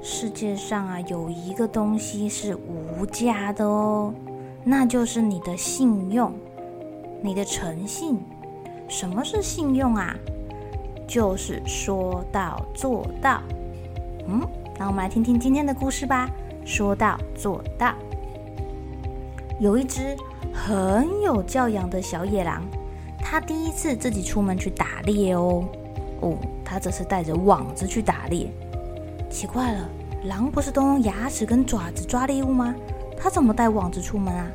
世界上啊，有一個東西是無價的哦，那就是你的信用，你的誠信。什麼是信用啊？就是說到做到。嗯，那我們來聽聽今天的故事吧。說到做到。有一隻很有教養的小野狼，它第一次自己出門去打獵哦。哦，它這是帶着網子去打獵。奇怪了，狼不是都用牙齒跟爪子抓獵物嗎？它怎麼帶網子出門啊？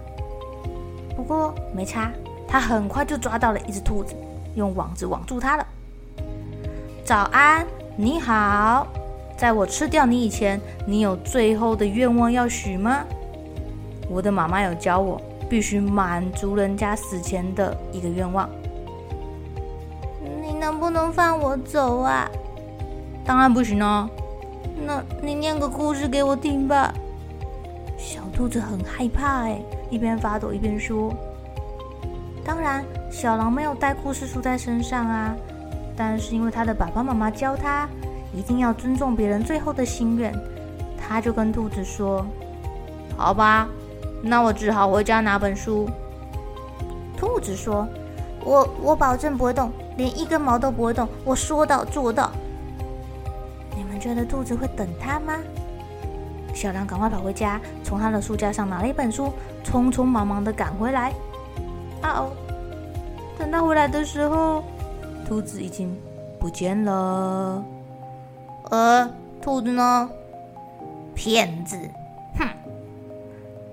不過沒差，它很快就抓到了一隻兔子，用網子網住它了。早安，你好，在我吃掉你以前，你有最後的願望要許嗎？我的媽媽有教我，必須滿足人家死前的一個願望。你能不能放我走啊？當然不行哦。那你念個故事給我聽吧。小兔子很害怕欸，一邊發抖一邊說。當然，小狼沒有帶故事書在身上啊，但是因為他的爸爸媽媽教他一定要尊重別人最後的心願，他就跟兔子說：“好吧，那我只好回家拿本書。”兔子說：“我我保證不會動，連一根毛都不會動，我說到做到。”覺得兔子會等他嗎？小狼趕快跑回家，從他的書架上拿了一本書，匆匆忙忙的趕回來。啊哦！等他回來的時候，兔子已經不見了。呃，兔子呢？騙子！哼！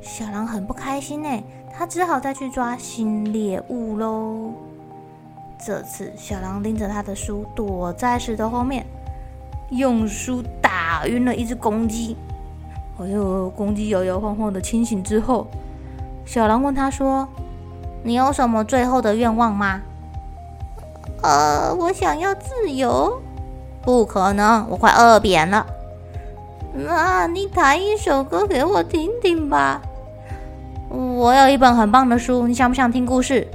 小狼很不開心呢，他只好再去抓新獵物嘍。這次，小狼拎着他的書，躲在石頭後面。用書打暈了一隻公雞，哎呦，公雞搖搖晃晃的清醒之後，小狼問他說：“你有什麼最後的願望嗎？”“呃，我想要自由。”“不可能，我快餓扁了。”“那你彈一首歌給我聽聽吧。”“我有一本很棒的書，你想不想聽故事？”“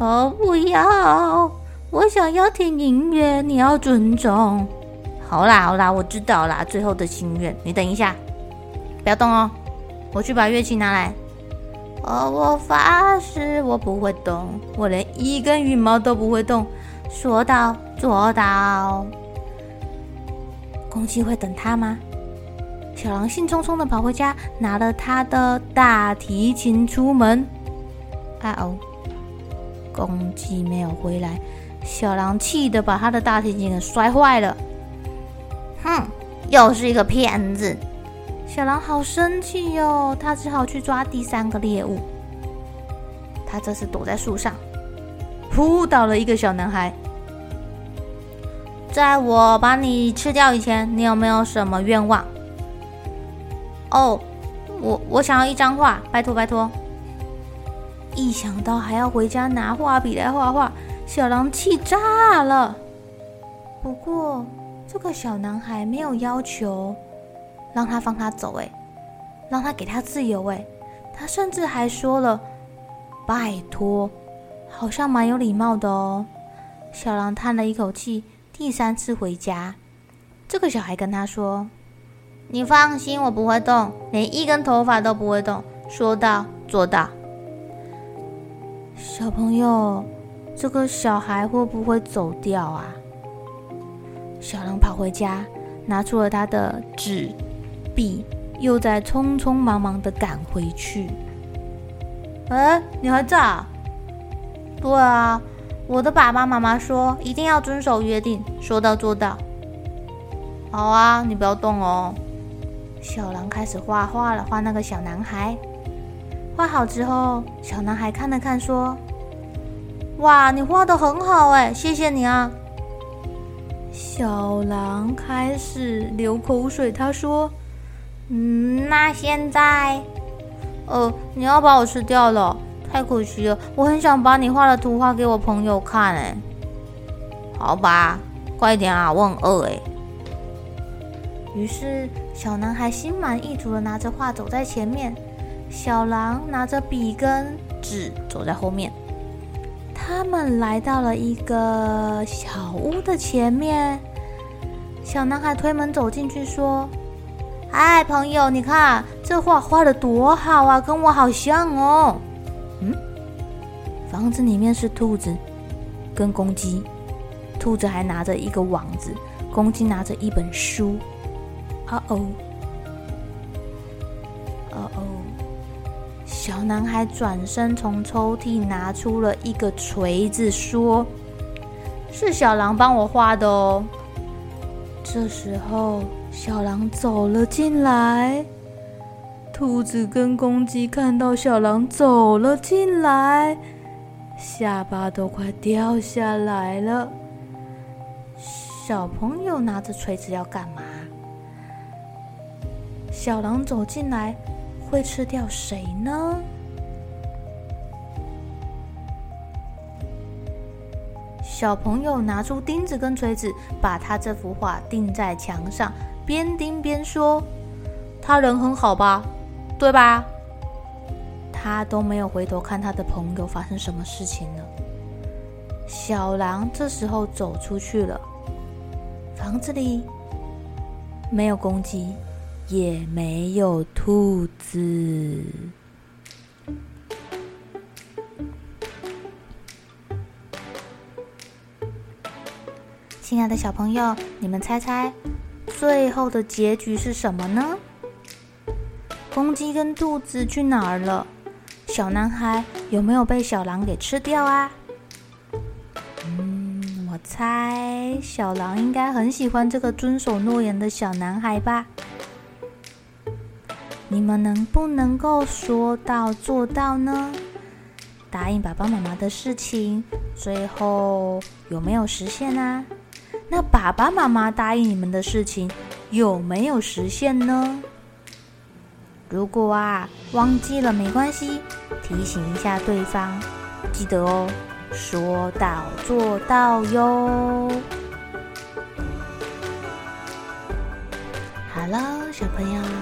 哦，不要，我想要聽音樂，你要尊重。”好啦，好啦，我知道啦。最後的心願，你等一下，不要動哦，我去把樂器拿來。哦，我發誓，我不會動，我連一根羽毛都不會動，說到做到。公雞會等他嗎？小狼興沖冲的跑回家，拿了他的大提琴出門。啊哦，公雞沒有回來，小狼氣得把他的大提琴給摔壞了。哼，又是一個騙子！小狼好生氣喲，他只好去抓第三個獵物。他這次躲在樹上，撲倒了一個小男孩。在我把你吃掉以前，你有沒有什麼願望？哦，我我想要一張畫，拜托拜托。一想到還要回家拿畫筆來畫畫，小狼氣炸了。不過。這個小男孩沒有要求讓他放他走，哎，讓他給他自由，哎，他甚至還說了拜托，好像蠻有禮貌的哦。小狼嘆了一口氣，第三次回家，這個小孩跟他說：“你放心，我不會動，連一根頭髮都不會動。”說到做到。小朋友，這個小孩會不會走掉啊？小狼跑回家，拿出了他的紙筆，又在匆匆忙忙的趕回去。哎，你還在啊？對啊，我的爸爸媽媽說一定要遵守約定，說到做到。好啊，你不要動哦。小狼開始畫畫了，畫那個小男孩。畫好之後，小男孩看了看，說：“哇，你畫得很好誒，謝謝你啊。”小狼開始流口水，他說：“嗯，那現在，呃，你要把我吃掉了，太可惜了，我很想把你畫的圖畫給我朋友看，哎，好吧，快點啊，我很餓，哎。”於是，小男孩心滿意足的拿着畫走在前面，小狼拿着筆跟紙走在後面。他們來到了一個小屋的前面，小男孩推門走進去說：“哎，朋友，你看這畫畫得多好啊，跟我好像哦。”嗯，房子裡面是兔子跟公雞，兔子還拿着一個網子，公雞拿着一本書。啊哦，啊哦。小男孩轉身從抽屜拿出了一個錘子，說：“是小狼幫我畫的哦。”這時候，小狼走了進來。兔子跟公雞看到小狼走了進來，下巴都快掉下來了。小朋友拿着錘子要幹嘛？小狼走進來。會吃掉誰呢？小朋友拿出釘子跟錘子，把他這幅畫釘在牆上，邊釘邊說：“他人很好吧，對吧？”他都沒有回頭看他的朋友發生什麼事情了。小狼這時候走出去了，房子裡沒有公雞，也沒有兔子。親愛的小朋友，你們猜猜，最後的結局是什麼呢？公雞跟兔子去哪兒了？小男孩有沒有被小狼給吃掉啊？嗯，我猜小狼應該很喜歡這個遵守諾言的小男孩吧。你們能不能夠說到做到呢？答應爸爸媽媽的事情，最後有沒有實現啊？那爸爸媽媽答應你們的事情有沒有實現呢？如果啊忘記了沒關係，提醒一下對方，記得哦，說到做到喲。哈嘍小朋友。